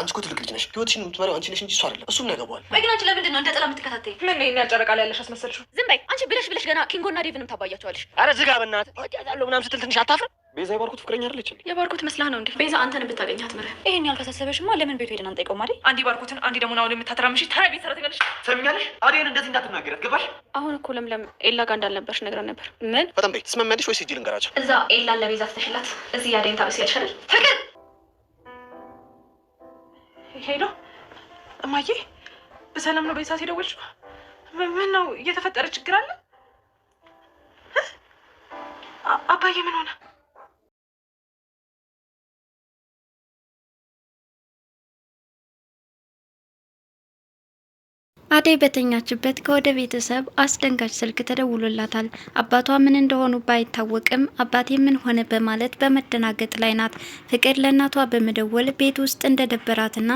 አንቺ እኮ ትልቅ ልጅ ነሽ። ህይወትሽን የምትመሪው አንቺ ነሽ እንጂ እሱ አይደለም። እሱም ያገባዋል። ቆይ ግን አንቺ ለምንድን ነው እንደ ጥላ የምትከታተይ? ምን ነው ይህን ጨረቃ ያለሽ አስመሰልሽው? ዝም በይ አንቺ። ብለሽ ብለሽ ገና ኪንጎና ዴቭንም ታባያቸዋለሽ። አረ ዝጋ በእናትህ። እወዳታለሁ ምናምን ስትል ትንሽ አታፍርም? ቤዛ የባርኮት ፍቅረኛ አይደለች እንዴ? የባርኮት መስላህ ነው እንዴ? ቤዛ አንተን ብታገኛት ምርህ። ይሄን ያልከሳሰበሽማ ለምን ቤቱ ሄደን አንጠይቀውም? አይደል አንዴ ባርኮትን አንዴ ደግሞ ናሁን የምታተራምሽ ተራ ቤት ሰራተኛ ነሽ። ሰሚኛለሽ? አዴን እንደዚህ እንዳትናገረት ገባሽ? አሁን እኮ ለምለም ኤላ ጋር እንዳልነበርሽ ነግረን ነበር። ምን በጣም በይ። ትስማሚያለሽ ወይስ ሂጂ ልንገራቸው? እዛ ኤላን ለቤዛ ትተሽላት እዚህ ያዴን ታበስያልሽ አይደል? ፍቅር እማዬ በሰላም ነው? በይሳ ሰዓት ምን ነው? እየተፈጠረ ችግር አለ? አባዬ ምን ሆነ? አደይ በተኛችበት ከወደ ቤተሰብ አስደንጋጭ ስልክ ተደውሎላታል። አባቷ ምን እንደሆኑ ባይታወቅም አባቴ ምን ሆነ በማለት በመደናገጥ ላይ ናት። ፍቅር ለእናቷ በመደወል ቤት ውስጥ እንደደበራትና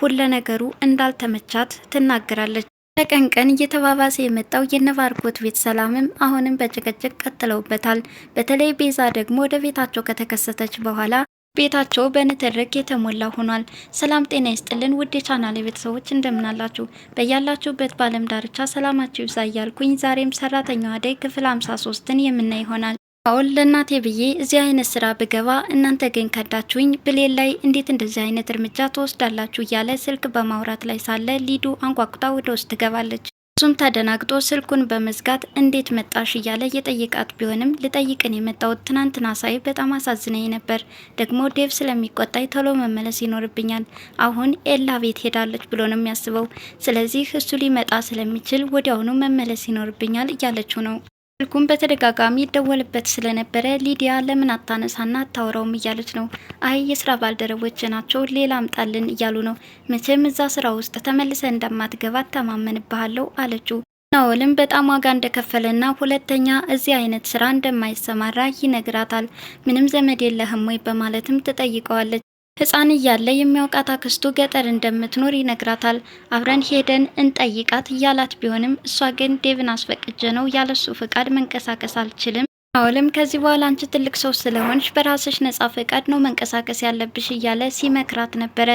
ሁለ ነገሩ እንዳልተመቻት ትናገራለች። ከቀን ቀን እየተባባሰ የመጣው የነባርኮት ቤት ሰላምም አሁንም በጭቅጭቅ ቀጥለውበታል። በተለይ ቤዛ ደግሞ ወደ ቤታቸው ከተከሰተች በኋላ ቤታቸው በንትርክ የተሞላ ሆኗል። ሰላም ጤና ይስጥልን ውድ የቻናል ቤተሰቦች እንደምናላችሁ በያላችሁበት በዓለም ዳርቻ ሰላማችሁ ይብዛ እያልኩኝ ዛሬም ሰራተኛዋ አደይ ክፍል 53ን የምናይ ይሆናል። አሁን ለእናቴ ብዬ እዚህ አይነት ስራ ብገባ እናንተ ግን ከዳችሁኝ፣ ብሌን ላይ እንዴት እንደዚህ አይነት እርምጃ ትወስዳላችሁ? እያለ ስልክ በማውራት ላይ ሳለ ሊዱ አንኳኩታ ወደ ውስጥ ትገባለች። እሱም ተደናግጦ ስልኩን በመዝጋት እንዴት መጣሽ እያለ የጠየቃት ቢሆንም ልጠይቅን የመጣሁት ትናንትና ሳይ በጣም አሳዝነኝ ነበር፣ ደግሞ ዴቭ ስለሚቆጣኝ ቶሎ መመለስ ይኖርብኛል። አሁን ኤላ ቤት ሄዳለች ብሎ ነው የሚያስበው። ስለዚህ እሱ ሊመጣ ስለሚችል ወዲያውኑ መመለስ ይኖርብኛል እያለችው ነው። ስልኩም በተደጋጋሚ ይደወልበት ስለነበረ ሊዲያ ለምን አታነሳና አታወራውም እያለች ነው። አይ የስራ ባልደረቦች ናቸው ሌላ አምጣልን እያሉ ነው። መቼም እዛ ስራ ውስጥ ተመልሰ እንደማትገባ ተማመንብሃለሁ አለችው። ናወልም በጣም ዋጋ እንደከፈለና ሁለተኛ እዚህ አይነት ስራ እንደማይሰማራ ይነግራታል። ምንም ዘመድ የለህም ወይ በማለትም ትጠይቀዋለች። ህፃን እያለ የሚያውቃት አክስቱ ገጠር እንደምትኖር ይነግራታል። አብረን ሄደን እንጠይቃት እያላት ቢሆንም እሷ ግን ዴቭን አስፈቅጀ ነው ያለሱ ፍቃድ መንቀሳቀስ አልችልም አውልም ከዚህ በኋላ አንቺ ትልቅ ሰው ስለሆንሽ በራስሽ ነጻ ፈቃድ ነው መንቀሳቀስ ያለብሽ እያለ ሲመክራት ነበረ።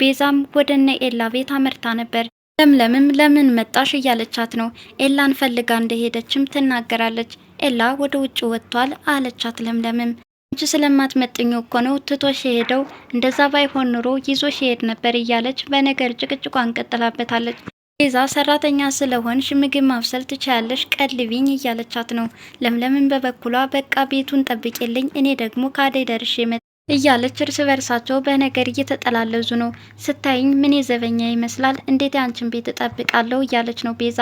ቤዛም ወደ እነ ኤላ ቤት አመርታ ነበር። ለምለምም ለምን መጣሽ እያለቻት ነው። ኤላን ፈልጋ እንደሄደችም ትናገራለች። ኤላ ወደ ውጭ ወጥቷል አለቻት ለምለምም አንቺ ስለማትመጥኝ እኮ ነው ትቶሽ የሄደው። እንደዛ ባይሆን ኑሮ ይዞሽ ይሄድ ነበር እያለች በነገር ጭቅጭቋን ቀጥላበታለች። ቤዛ ሰራተኛ ስለሆንሽ ምግብ ማብሰል ትችያለሽ፣ ቀልቢኝ እያለቻት ነው። ለምለምን በበኩሏ በቃ ቤቱን ጠብቄልኝ፣ እኔ ደግሞ ካደይ ደርሽ መጥ እያለች እርስ በርሳቸው በነገር እየተጠላለዙ ነው። ስታይኝ ምን የዘበኛ ይመስላል እንዴት ያንችን ቤት እጠብቃለሁ እያለች ነው ቤዛ።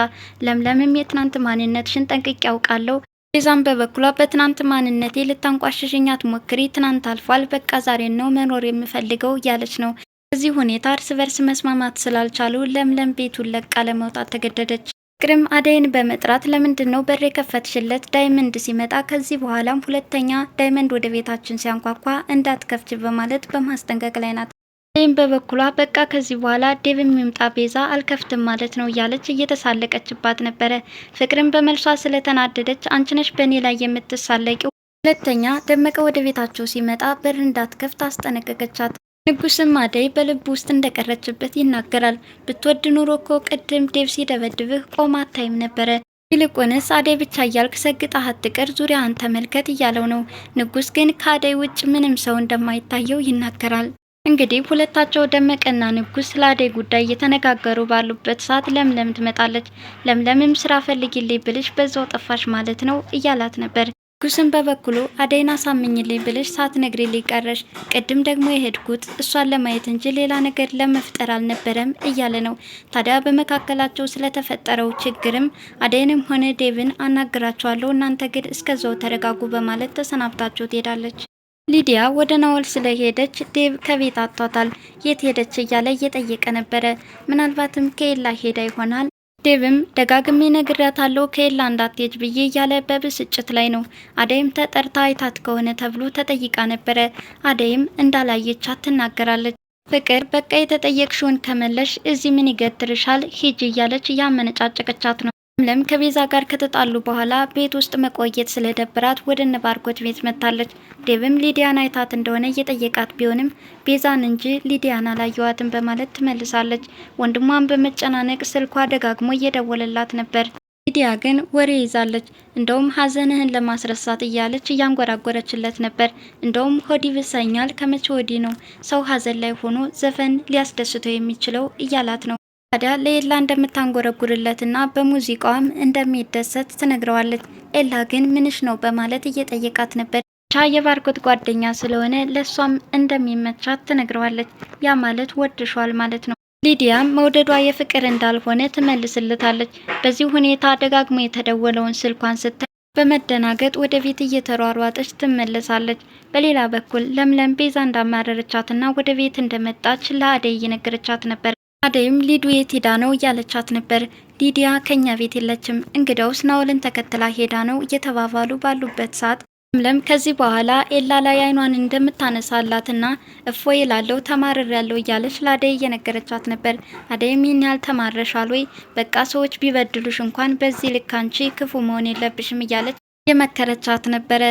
ለምለምም የትናንት ማንነትሽን ጠንቅቄ ያውቃለሁ ቤዛም በበኩሏ በትናንት ማንነቴ ልታንቋሽሽኝ አትሞክሪ፣ ትናንት አልፏል፣ በቃ ዛሬን ነው መኖር የምፈልገው እያለች ነው። በዚህ ሁኔታ እርስ በርስ መስማማት ስላልቻሉ ለምለም ቤቱን ለቃ ለመውጣት ተገደደች። ፍቅርም አደይን በመጥራት ለምንድን ነው በር የከፈትሽለት? ዳይመንድ ሲመጣ ከዚህ በኋላም ሁለተኛ ዳይመንድ ወደ ቤታችን ሲያንኳኳ እንዳትከፍች በማለት በማስጠንቀቅ ላይ ናት። ይህም በበኩሏ በቃ ከዚህ በኋላ ዴቭም የሚምጣ ቤዛ አልከፍትም ማለት ነው እያለች እየተሳለቀችባት ነበረ። ፍቅርን በመልሷ ስለተናደደች አንችነሽ በእኔ ላይ የምትሳለቂው። ሁለተኛ ደመቀ ወደ ቤታቸው ሲመጣ በር እንዳትከፍት አስጠነቀቀቻት። ንጉስም አደይ በልብ ውስጥ እንደቀረችበት ይናገራል። ብትወድ ኑሮ እኮ ቅድም ዴቭ ሲደበድብህ ቆማ አታይም ነበረ ይልቁንስ አደይ ብቻ እያልክ ሰግጣህ አትቅር፣ ዙሪያህን ተመልከት እያለው ነው። ንጉስ ግን ከአደይ ውጭ ምንም ሰው እንደማይታየው ይናገራል። እንግዲህ ሁለታቸው ደመቀና ንጉስ ስለ አደይ ጉዳይ እየተነጋገሩ ባሉበት ሰዓት ለምለም ትመጣለች። ለምለምም ስራ ፈልጊልኝ ብልሽ በዛው ጠፋሽ ማለት ነው እያላት ነበር። ንጉስም በበኩሉ አደይን አሳምኝልኝ ብልሽ ነግሪ ሊቀረሽ፣ ቅድም ደግሞ የሄድኩት እሷን ለማየት እንጂ ሌላ ነገር ለመፍጠር አልነበረም እያለ ነው። ታዲያ በመካከላቸው ስለተፈጠረው ችግርም አደይንም ሆነ ዴቭን አናግራቸዋለሁ፣ እናንተ ግን እስከዛው ተረጋጉ በማለት ተሰናብታቸው ትሄዳለች። ሊዲያ ወደ ናወል ስለሄደች ዴቭ ከቤት አጥቷታል። የት ሄደች እያለ እየጠየቀ ነበረ። ምናልባትም ከኤላ ሄዳ ይሆናል። ዴቭም ደጋግሜ ነግሬያታለሁ ከኤላ እንዳትሄጅ ብዬ እያለ በብስጭት ላይ ነው። አደይም ተጠርታ አይታት ከሆነ ተብሎ ተጠይቃ ነበረ። አደይም እንዳላየቻት ትናገራለች። ፍቅር በቃ የተጠየቅሽውን ከመለሽ እዚህ ምን ይገትርሻል ሂጅ እያለች ያመነጫጨቀቻት ነው። ለምለም ከቤዛ ጋር ከተጣሉ በኋላ ቤት ውስጥ መቆየት ስለደብራት ወደ እነ ባርኮት ቤት መታለች። ዴብም ሊዲያን አይታት እንደሆነ እየጠየቃት ቢሆንም ቤዛን እንጂ ሊዲያን አላየዋትም በማለት ትመልሳለች። ወንድሟን በመጨናነቅ ስልኳ ደጋግሞ እየደወለላት ነበር። ሊዲያ ግን ወሬ ይዛለች። እንደውም ሀዘንህን ለማስረሳት እያለች እያንጎራጎረችለት ነበር። እንደውም ሆዲ ብሰኛል ከመቼ ወዲህ ነው ሰው ሀዘን ላይ ሆኖ ዘፈን ሊያስደስተው የሚችለው እያላት ነው። ታዲያ ለኤላ እንደምታንጎረጉርለትና በሙዚቃዋም እንደሚደሰት ትነግረዋለች። ኤላ ግን ምንሽ ነው በማለት እየጠየቃት ነበር። ቻ የባርኮት ጓደኛ ስለሆነ ለእሷም እንደሚመቻት ትነግረዋለች። ያ ማለት ወድሿል ማለት ነው። ሊዲያም መውደዷ የፍቅር እንዳልሆነ ትመልስለታለች። በዚህ ሁኔታ ደጋግሞ የተደወለውን ስልኳን ስታይ በመደናገጥ ወደ ቤት እየተሯሯጠች ትመለሳለች። በሌላ በኩል ለምለም ቤዛ እንዳማረረቻትና ወደ ቤት እንደመጣች ለአደይ እየነገረቻት ነበር። አደይም ሊዱ የት ነው እያለቻት ነበር። ሊዲያ ከኛ ቤት የለችም፣ እንግዳውስ ናውልን ተከትላ ሄዳ ነው እየተባባሉ ባሉበት ሰዓት ለምለም ከዚህ በኋላ ኤላ ላይ አይኗን እንደምታነሳላትና እፎ ላለው ተማርር ያለው እያለች ለአደይ እየነገረቻት ነበር። አደይም ይህን ያህል ተማረሻል ወይ? በቃ ሰዎች ቢበድሉሽ እንኳን በዚህ ልክ አንቺ ክፉ መሆን የለብሽም እያለች የመከረቻት ነበረ።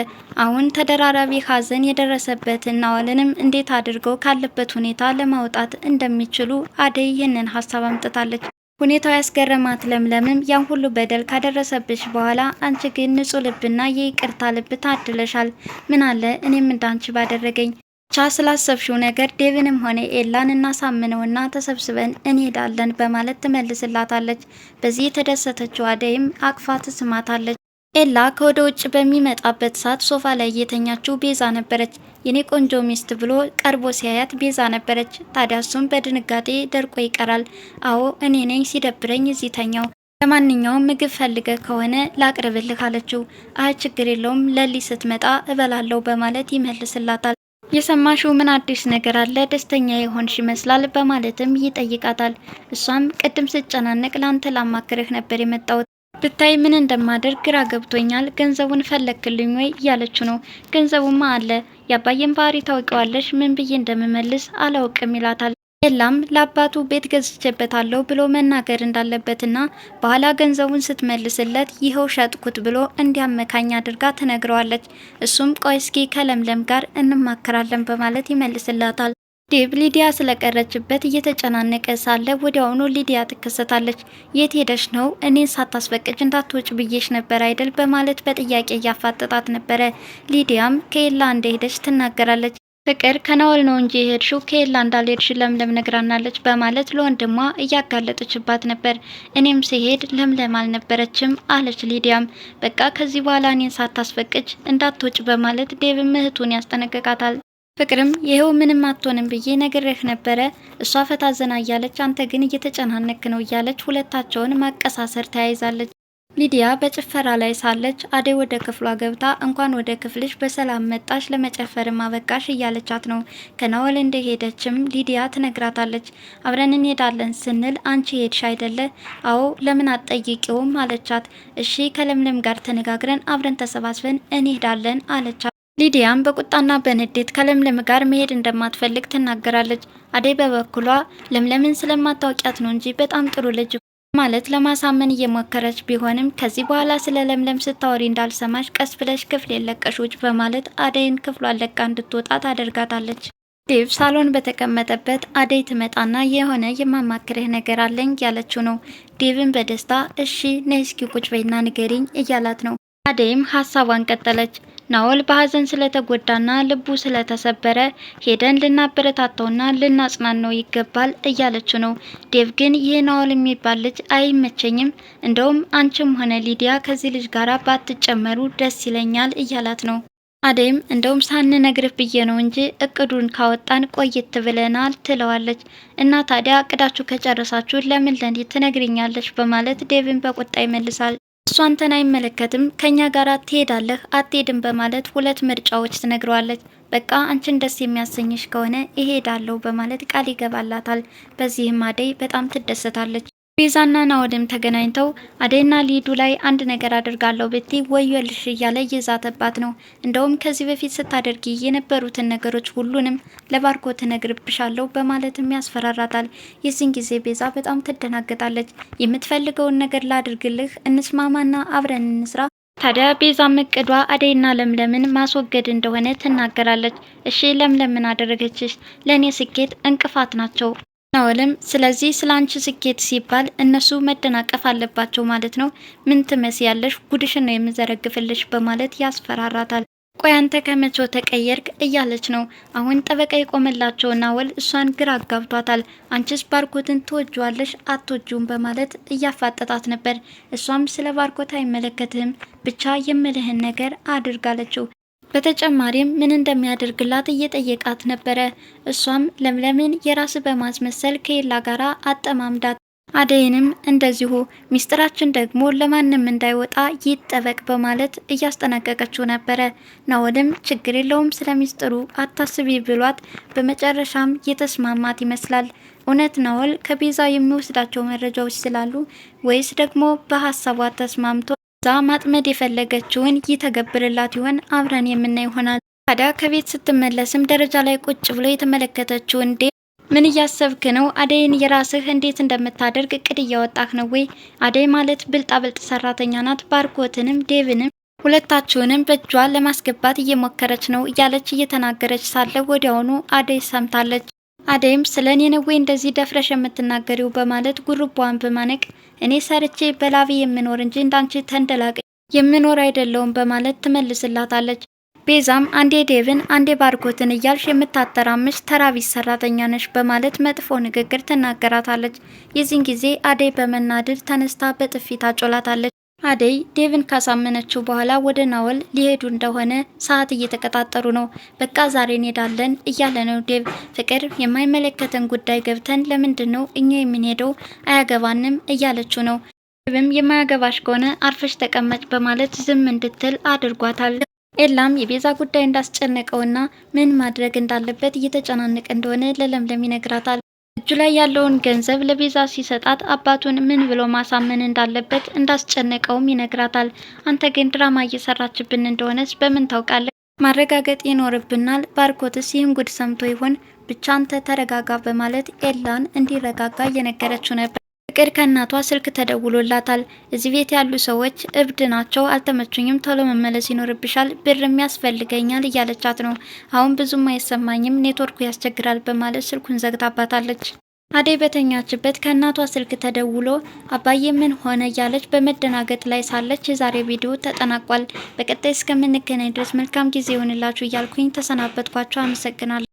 አሁን ተደራራቢ የደረሰበት የደረሰበትን ናኦልንም እንዴት አድርገው ካለበት ሁኔታ ለማውጣት እንደሚችሉ አደይ ይህንን ሀሳብ አምጥታለች። ሁኔታው ያስገረማት ለምለምም ያን ሁሉ በደል ካደረሰብሽ በኋላ አንቺ ግን ንጹህ ልብና የይቅርታ ልብ ታድለሻል። ምን አለ እኔም እንዳንቺ ባደረገኝ ቻ ስላሰብሽው ነገር ዴቭንም ሆነ ኤላን እናሳምነውና ተሰብስበን እንሄዳለን በማለት ትመልስላታለች። በዚህ የተደሰተችው አደይም አቅፋ ትስማታለች። ኤላ ከወደ ውጭ በሚመጣበት ሰዓት ሶፋ ላይ እየተኛችው ቤዛ ነበረች። የኔ ቆንጆ ሚስት ብሎ ቀርቦ ሲያያት ቤዛ ነበረች። ታዲያ እሱም በድንጋጤ ደርቆ ይቀራል። አዎ እኔ ነኝ ሲደብረኝ እዚህ ተኛው። ለማንኛውም ምግብ ፈልገ ከሆነ ላቅርብልህ አለችው። አይ ችግር የለውም ለሊ ስትመጣ እበላለሁ በማለት ይመልስላታል። የሰማሽው ምን አዲስ ነገር አለ? ደስተኛ የሆንሽ ይመስላል በማለትም ይጠይቃታል። እሷም ቅድም ስጨናነቅ ለአንተ ላማክርህ ነበር የመጣሁት ብታይ ምን እንደማደርግ ግራ ገብቶኛል። ገንዘቡን ፈለክልኝ ወይ እያለችው ነው። ገንዘቡማ አለ የአባዬን ባህሪ ታውቂዋለሽ፣ ምን ብዬ እንደምመልስ አላውቅም ይላታል። ኤላም ለአባቱ ቤት ገዝቼበታለሁ ብሎ መናገር እንዳለበትና በኋላ ገንዘቡን ስትመልስለት ይኸው ሸጥኩት ብሎ እንዲያመካኝ አድርጋ ትነግረዋለች። እሱም ቆይ እስኪ ከለምለም ጋር እንማከራለን በማለት ይመልስላታል። ዴቭ ሊዲያ ስለቀረችበት እየተጨናነቀ ሳለ ወዲያውኑ ሊዲያ ትከሰታለች። የት ሄደሽ ነው? እኔን ሳታስፈቅጅ እንዳትወጭ ብዬሽ ነበር አይደል? በማለት በጥያቄ እያፋጠጣት ነበረ። ሊዲያም ከኤላ እንደሄደች ትናገራለች። ፍቅር ከናወል ነው እንጂ የሄድሽው ከኤላ እንዳልሄድሽ ለምለም ነግራናለች በማለት ለወንድሟ እያጋለጠችባት ነበር። እኔም ሲሄድ ለምለም አልነበረችም አለች ሊዲያም። በቃ ከዚህ በኋላ እኔን ሳታስፈቅጅ እንዳትወጭ በማለት ዴቭ ምህቱን ያስጠነቅቃታል። ፍቅርም ይሄው ምንም አትሆንም ብዬ ነግሬህ ነበረ። እሷ ፈታ ዘና እያለች አንተ ግን እየተጨናነክ ነው እያለች ሁለታቸውን ማቀሳሰር ተያይዛለች። ሊዲያ በጭፈራ ላይ ሳለች አደይ ወደ ክፍሏ ገብታ እንኳን ወደ ክፍልሽ በሰላም መጣሽ፣ ለመጨፈርም አበቃሽ እያለቻት ነው። ከናወል እንደሄደችም ሊዲያ ትነግራታለች። አብረን እንሄዳለን ስንል አንቺ ሄድሽ አይደለ? አዎ ለምን አትጠይቂውም አለቻት። እሺ ከለምለም ጋር ተነጋግረን አብረን ተሰባስበን እንሄዳለን አለቻት። ሊዲያም በቁጣና በንዴት ከለምለም ጋር መሄድ እንደማትፈልግ ትናገራለች። አዴ በበኩሏ ለምለምን ስለማታወቂያት ነው እንጂ በጣም ጥሩ ልጅ ማለት ለማሳመን እየሞከረች ቢሆንም ከዚህ በኋላ ስለ ለምለም ስታወሪ እንዳልሰማሽ ቀስ ብለሽ ክፍል የለቀሽ ውጭ በማለት አደይን ክፍሏን ለቃ እንድትወጣ ታደርጋታለች። ዴቭ ሳሎን በተቀመጠበት አደይ ትመጣና የሆነ የማማክርህ ነገር አለኝ ያለችው ነው። ዴቭን በደስታ እሺ ነይ እስኪ ቁጭ በይና ንገሪኝ እያላት ነው። አደይም ሀሳቧን ቀጠለች። ናኦል በሀዘን ስለተጎዳና ልቡ ስለተሰበረ ሄደን ልናበረታታውና ልናጽናናው ይገባል እያለችው ነው። ዴቭ ግን ይህ ናኦል የሚባል ልጅ አይመቸኝም፣ እንደውም አንቺም ሆነ ሊዲያ ከዚህ ልጅ ጋር ባትጨመሩ ደስ ይለኛል እያላት ነው። አደይም እንደውም ሳንነግርህ ብዬ ነው እንጂ እቅዱን ካወጣን ቆየት ብለናል ትለዋለች። እና ታዲያ እቅዳችሁ ከጨረሳችሁ ለምን ለኔ ትነግርኛለች በማለት ዴቭን በቁጣ ይመልሳል። እሷ አንተን አይመለከትም ከእኛ ጋር ትሄዳለህ አትሄድም በማለት ሁለት ምርጫዎች ትነግረዋለች። በቃ አንቺን ደስ የሚያሰኝሽ ከሆነ እሄዳለሁ በማለት ቃል ይገባላታል። በዚህም አደይ በጣም ትደሰታለች። ቤዛና ናወድም ተገናኝተው አደይና ሊዱ ላይ አንድ ነገር አድርጋለሁ ብቲ ወዮልሽ እያለ እየዛተባት ነው። እንደውም ከዚህ በፊት ስታደርጊ የነበሩትን ነገሮች ሁሉንም ለባርኮት እነግርብሻለሁ በማለትም ያስፈራራታል። የዚህን ጊዜ ቤዛ በጣም ትደናገጣለች። የምትፈልገውን ነገር ላድርግልህ፣ እንስማማና አብረን እንስራ ታዲያ ቤዛ እቅዷ አደይና ለምለምን ማስወገድ እንደሆነ ትናገራለች። እሺ ለምለምን አደረገችሽ ለእኔ ስኬት እንቅፋት ናቸው ናኦልም ስለዚህ ስለ አንቺ ስኬት ሲባል እነሱ መደናቀፍ አለባቸው ማለት ነው። ምን ትመስያለሽ? ጉድሽን ነው የምዘረግፍልሽ በማለት ያስፈራራታል። ቆይ አንተ ተቀየርክ? እያለች ነው አሁን ጠበቃ የቆመላቸው ናኦል እሷን ግራ አጋብቷታል። አንቺስ ባርኮትን ትወጂዋለሽ አትወጂውም? በማለት እያፋጠጣት ነበር። እሷም ስለ ባርኮት አይመለከትህም ብቻ የምልህን ነገር አድርጋለችው። በተጨማሪም ምን እንደሚያደርግላት እየጠየቃት ነበረ። እሷም ለምለምን የራስ በማስመሰል ከኤላ ጋራ አጠማምዳት፣ አደይንም እንደዚሁ ሚስጥራችን ደግሞ ለማንም እንዳይወጣ ይጠበቅ በማለት እያስጠነቀቀችው ነበረ። ናወልም ችግር የለውም ስለ ሚስጥሩ አታስቢ ብሏት በመጨረሻም የተስማማት ይመስላል። እውነት ናወል ከቤዛ የሚወስዳቸው መረጃዎች ስላሉ ወይስ ደግሞ በሀሳቧ ተስማምቶ ዛ ማጥመድ የፈለገችውን ይተገብርላት ይሆን? አብረን የምናይ ይሆናል። ታዲያ ከቤት ስትመለስም ደረጃ ላይ ቁጭ ብሎ የተመለከተችው እንዴ ምን እያሰብክ ነው? አደይን የራስህ እንዴት እንደምታደርግ እቅድ እያወጣህ ነው ወይ? አደይ ማለት ብልጣብልጥ ሰራተኛ ናት። ባርኮትንም ዴቭንም ሁለታችሁንም በእጇ ለማስገባት እየሞከረች ነው እያለች እየተናገረች ሳለ ወዲያውኑ አደይ ሰምታለች። አደይም ስለ እኔ ነው ወይ እንደዚህ ደፍረሽ የምትናገሪው በማለት ጉርቧን በማነቅ እኔ ሰርቼ በላቤ የምኖር እንጂ እንዳንቺ ተንደላቀ የምኖር አይደለውም በማለት ትመልስላታለች። ቤዛም አንዴ ዴቭን አንዴ ባርኮትን እያልሽ የምታተራምሽ ተራቢስ ሰራተኛ ነሽ በማለት መጥፎ ንግግር ትናገራታለች። የዚህን ጊዜ አደይ በመናደድ ተነስታ በጥፊት አጮላታለች። አደይ ዴቭን ካሳመነችው በኋላ ወደ ናወል ሊሄዱ እንደሆነ ሰዓት እየተቀጣጠሩ ነው። በቃ ዛሬ እንሄዳለን እያለ ነው ዴቭ። ፍቅር የማይመለከተን ጉዳይ ገብተን ለምንድን ነው እኛ የምንሄደው? አያገባንም እያለችው ነው። ዴቭም የማያገባሽ ከሆነ አርፈሽ ተቀመጭ በማለት ዝም እንድትል አድርጓታል። ኤላም የቤዛ ጉዳይ እንዳስጨነቀውና ምን ማድረግ እንዳለበት እየተጨናነቀ እንደሆነ ለለምለም ይነግራታል። እጁ ላይ ያለውን ገንዘብ ለቤዛ ሲሰጣት አባቱን ምን ብሎ ማሳመን እንዳለበት እንዳስጨነቀውም ይነግራታል። አንተ ግን ድራማ እየሰራችብን እንደሆነች በምን ታውቃለህ? ማረጋገጥ ይኖርብናል። ባርኮትስ ይህን ጉድ ሰምቶ ይሆን? ብቻ አንተ ተረጋጋ በማለት ኤላን እንዲረጋጋ እየነገረችው ነበር። ፍቅር ከእናቷ ስልክ ተደውሎላታል። እዚህ ቤት ያሉ ሰዎች እብድ ናቸው፣ አልተመቹኝም፣ ቶሎ መመለስ ይኖርብሻል፣ ብርም ያስፈልገኛል እያለቻት ነው። አሁን ብዙም አይሰማኝም፣ ኔትወርኩ ያስቸግራል በማለት ስልኩን ዘግታባታለች። አደይ በተኛችበት ከእናቷ ስልክ ተደውሎ አባዬ ምን ሆነ እያለች በመደናገጥ ላይ ሳለች የዛሬ ቪዲዮ ተጠናቋል። በቀጣይ እስከምንገናኝ ድረስ መልካም ጊዜ ይሆንላችሁ እያልኩኝ ተሰናበትኳቸው። አመሰግናለሁ።